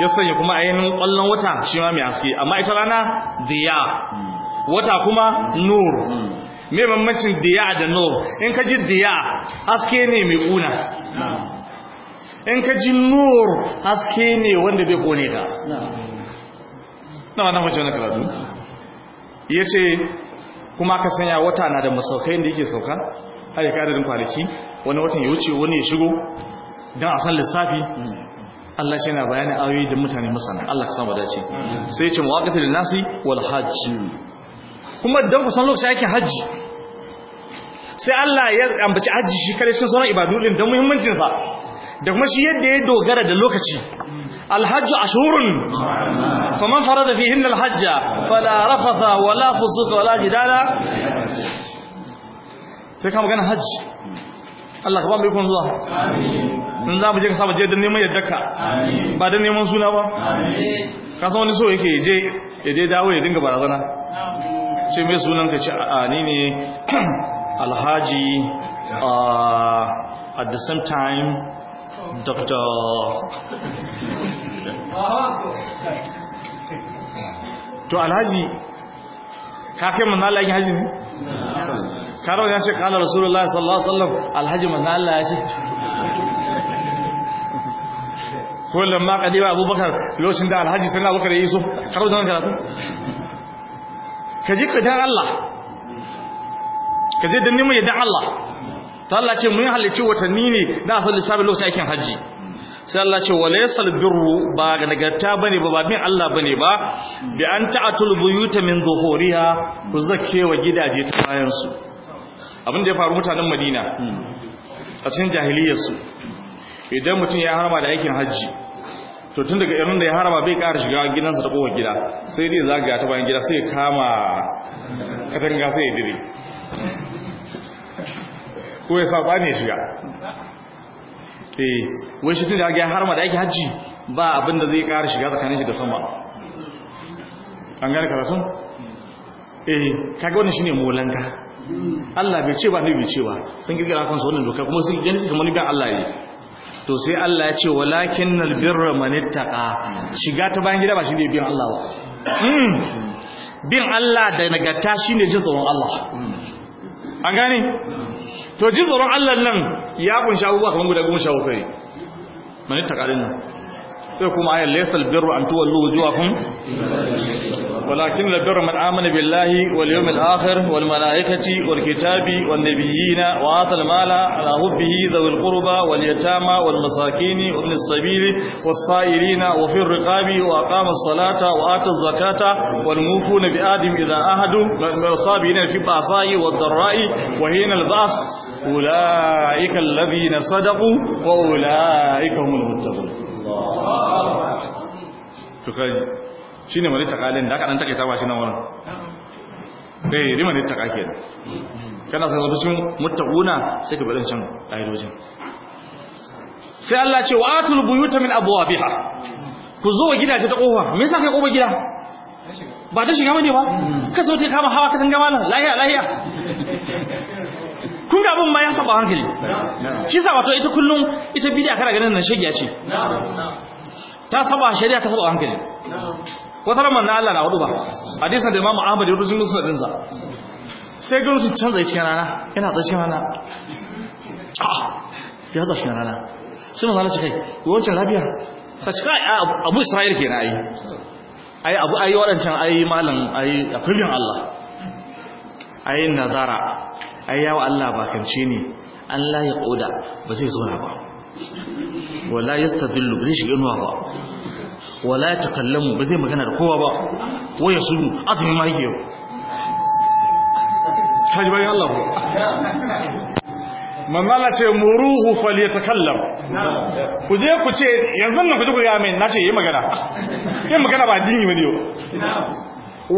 ya sanya kuma ainihin kwallon wata shi ma mai haske amma ita rana diya wata kuma nur mai mamacin diya da nur in ka ji diya haske ne mai kuna in ka ji nur haske ne wanda bai kone ka na wannan mace wani karatu ya ce kuma ka sanya wata na da masaukai da yake sauka har ya kadadin kwanaki wani watan ya wuce wani ya shigo don a san lissafi hmm. Allah shi na bayanin ayoyi da mutane masana Allah ka samu dace sai ya ce muwaqatil nasi wal hajji kuma dan ku san lokacin aikin hajji sai Allah ya ambaci hajji shi kare cikin sauran ibadu din da muhimmancin da kuma shi yadda ya dogara da lokaci الحج أشهر فمن فرض فيهن الحج فلا رفث ولا فسوق ولا جدال sai ka magana hajji Allah ka ba mu ikon zuwa in za mu je ka saba je don neman yadda ka ba don neman suna ba ka san wani so yake je ya je dawo ya dinga barazana Sai mai sunan ka ce a ni ne alhaji uh, at the same time dr to alhaji ka kai manalayin hajji ne karo ya ce kala rasulullah sallallahu alaihi wasallam alhaji Allah ya ce ko lamma ba abubakar lokacin da alhaji sai abubakar ya iso karo da karatu kaji ka dan Allah kaji dan nima ya dan Allah ta Allah ce mun halicci watanni ne da asal lissafin lokacin aikin haji sai Allah ce walaysal birru ba nagarta bane ba ba bin Allah bane ba bi an ta'atul buyuta min zuhuriha ku zakke wa gidaje ta bayan su abin da ya faru mutanen Madina a cikin jahiliyyar su idan mutum ya harama da aikin haji to tun daga irin da ya harama bai ƙara shiga gidansa da kowa gida sai dai zagaya ta bayan gida sai kama katanga sai ya dire ko ya saba ne shiga Eh, wai shi tun da ya harma da ake hajji ba abin da zai ƙara shiga tsakanin shi da sama an gane karatun eh kaga shi shine molanka Allah bai ce ba ne bai ce ba sun girgira kansu wannan doka kuma sun gani suka mani Allah ne to sai Allah ya ce walakin nal birra man ittaqa shiga ta bayan gida ba shi ne biyan Allah ba hmm. bin Allah da nagarta shine jin tsoron Allah an gani. to ji tsoron Allah nan ya kunshi abubuwa kamar guda goma sha uku ne mani takarin nan sai kuma ayar laysal birru an tuwallu wujuhakum walakin la birru man amana billahi wal yawmil akhir wal malaikati wal kitabi wan nabiyina wa atal mala ala hubbihi qurba wal yatama wal masakin ibn as was sa'irina wa fir riqabi wa aqama salata wa ata zakata wal mufuna bi adim idha ahadu wa sabina fi ba'sa'i wad wa hina al-ba's أولئك الذين صدقوا وأولئك هم المتقون تخرج شنو مريت قالين داك أن تكي شنو ورا eh liman ittaka kenan kana san da sun muttaquna sai ka bada can kaidojin sai Allah ce wa atul buyuta min abwabiha ku zo gidaje ta kofa me yasa kai gida ba ta shiga bane ba ka kama hawa ka tanga malam lahiya lahiya kun ga abin ma ya saba hankali shi sa wato ita kullum ita bidiya kana ganin nan shagiya ce ta saba shari'a ta saba hankali wata ramar na Allah na hudu ba hadisan da Imam Ahmad ya rubuta musu din sai ga su canza cikin rana yana ah, cikin rana ya cikin rana shi ma zana kai wancan lafiya sa cika Abu Isra'il kenan yi? Ayi, abu waɗancan wadancan ai malam ai akwai Allah Ayi nazara ai yawo Allah bakance ne Allah ya koda ba zai zo na ba wala yastadillu ba zai shiga inuwa ba wala takallamu ba zai magana da kowa ba waya su azumi ma yake haji bayan Allah ko mamala ce muruhu falyatakallam ku je ku ce yanzu nan ku ji ku ga mai nace yi magana yin magana ba dini bane yo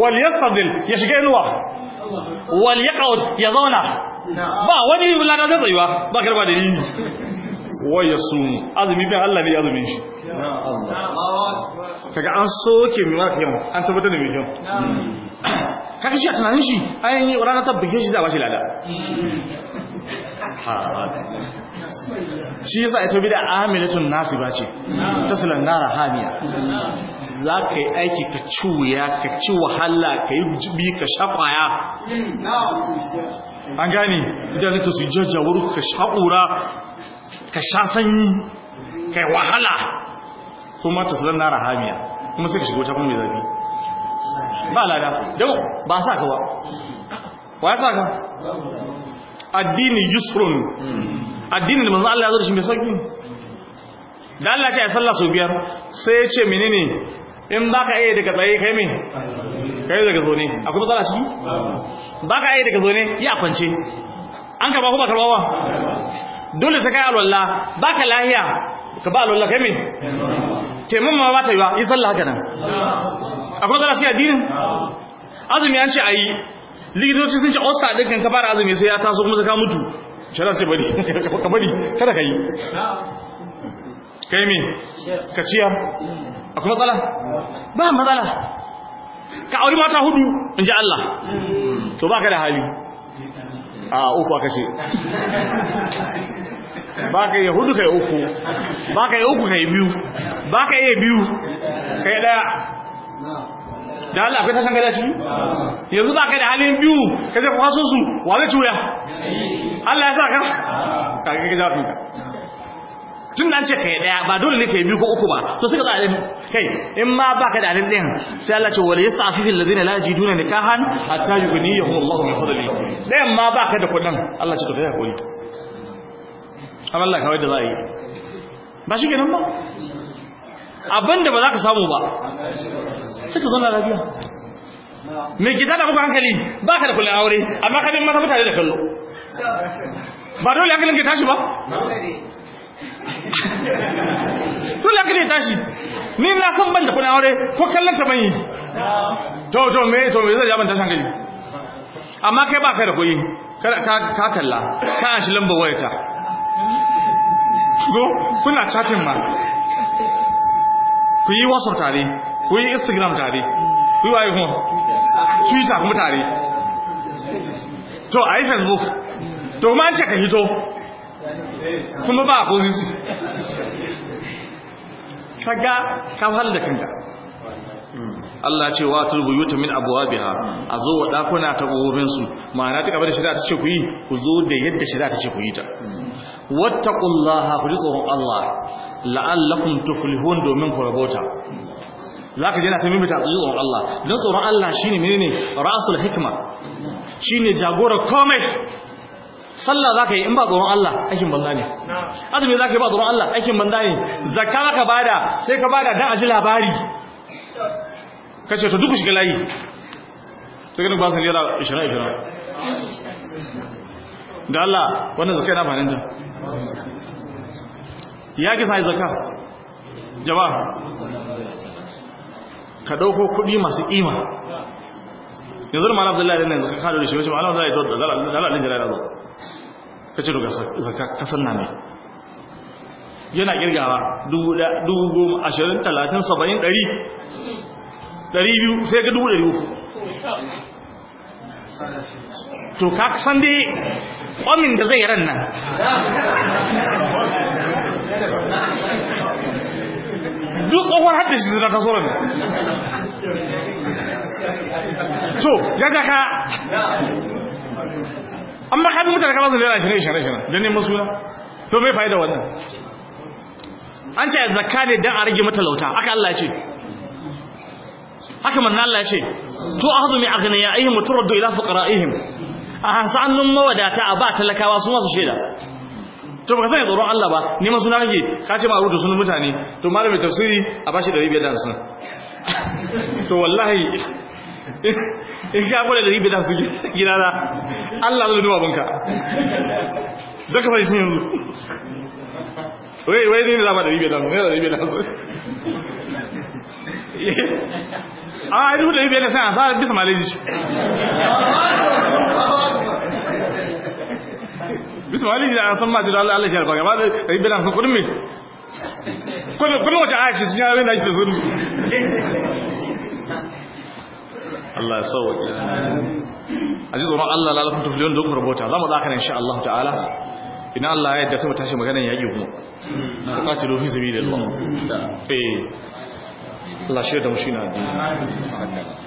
wal yasadil ya shiga inuwa wal yaqud ya zauna ba wani lada da tsayuwa ba karba da rini wa yasum azumi bin Allah ne azumin shi kaga an soke mai maka yau an tabbatar da mai kyau kaga shi a tunanin shi an yi ranar tabbake shi za a bashi lada shi yasa ita bi da amilatun nasiba ce tasilan nara hamiya za ka yi aiki ka ci wuya ka ci wahala ka yi jibi ka sha kwaya an gane idan ka su jajjawar ka sha ka sha sanyi ka yi wahala kuma ta sanar na rahamiya kuma sai ka shigo ta kuma mai zafi ba lada yau ba sa ka ba wa ya sa ka addini yusrun addini da manzo Allah ya zo da shi mai sauki da Allah ce ya sallah sau biyar sai ya ce menene in ba ka iya daga tsaye kai me kai daga zo ne akwai matsala shi ba ka iya daga zo ne ya kwance an karba kuma ba karbawa dole sai kai alwalla ba ka lahiya ka ba alwalla kai me mun ma ba ta yiwa yi sallah haka nan akwai matsala shi addinin azumi an ce ayi likitoci sun ce osta dukkan ka fara azumi sai ya taso kuma zaka mutu shara ce bari ka bari kada ka yi kai me ka ciya akwai matsala ba matsala ka auri mata hudu in ji Allah to ba ka da hali a uku aka ce ba ka yi hudu ka yi uku ba ka yi uku ka yi biyu ba ka yi biyu ka yi daya da Allah akwai tashin gada ciki yanzu ba ka da halin biyu ka zai kwaso su wa zai ya? Allah ya sa ka ka ga gaza kanka tun an ce kai daya ba dole ne kai biyu ko uku ba to suka za a kai in ma baka da alin din sai Allah ce wala yasta'fifil ladina la yajiduna nikahan hatta yughniyahum Allahu min fadli dai ma baka da kudin Allah ce to kai hakuri amma Allah kawai da za yi ba shi kenan ba abinda ba za ka samu ba suka zo na lafiya me gida da muku hankali ba ka da kullum aure amma ka bin mata mutane da kallo ba dole hankalin ka tashi ba tun da ne tashi ni na san ban da kuna aure ko kallon ta ban to to me to me zai ya ban tashin amma kai ba kai da koyi ka kalla ka an shi lambar wayarta go kuna chatting ma ku yi whatsapp tare ku yi instagram tare ku yi waye kuma twitter kuma tare to a yi facebook to ma an ce ka hito Kuma ba a posisi kaga kawar da kanka hmm. Allah ce wa turbu yuta min abwabiha a zo wa dakuna ta gobin su ma'ana ta kabar shida ta ce ku yi ku zo da yadda shida ta ce ku yi ta wattaqullaha ku tsoron Allah la'allakum tuflihun domin ku rabota zaka je na sai mimita tsoron Allah don tsoron Allah shine menene ra'sul hikma shine jagora komai sallah zaka yi in ba tsoron Allah aikin banza ne azumi zaka yi ba tsoron Allah aikin banza ne zakka zaka bada sai ka bada dan aji labari kace to duk shiga layi sai ganin basan lira 20 20 da Allah wannan zakka yana fanin din ya ki sai zakka jama'a ka dauko kuɗi masu kima yanzu malam Abdullahi ne zakka da shi wace malam Abdullahi to da Allah Allah jira da ka ce daga kasan na ne yana kirgawa dubu goma ashirin talatin saba'in ɗari ɗari biyu sai ga dubu ɗari uku to ka san dai kwamin da zai ran nan duk tsohon hadda shi zira ta tsoron to ya ka amma har mutane ka ba su naira ashirin ashirin ashirin don neman suna to mai fa'ida wannan an ce zakka ne don a rage matalauta aka Allah ce haka manna Allah ce to a ahadu min aghniyaihim wa turaddu ila fuqaraihim a hasanun mawadata a ba talakawa su masu shaida to baka sani tsoron Allah ba neman suna kake ka ce ma rubuta sunan mutane to malamin tafsiri a ba shi bashi 550 to wallahi in ka da ribe da su gina na Allah zai duba duk daga fahimci yanzu wai wai ne zama da ribe da mu ne da ribe da su a ah, yi duk da ribe da sai a sa bisa maleji bisa maleji da an san mace da Allah shi ba da ribe da su kudin me kudin wace a ce cikin yawon da ake da Allah ya sauwaƙe a ji tsoron Allah lalafin tufiliyon da kuma rubuta za mu za ka na insha Allah ta'ala ina Allah ya yadda sai mu tashi maganar yaƙi kuma ko ƙaci lofi zubi da Allah eh Allah da mu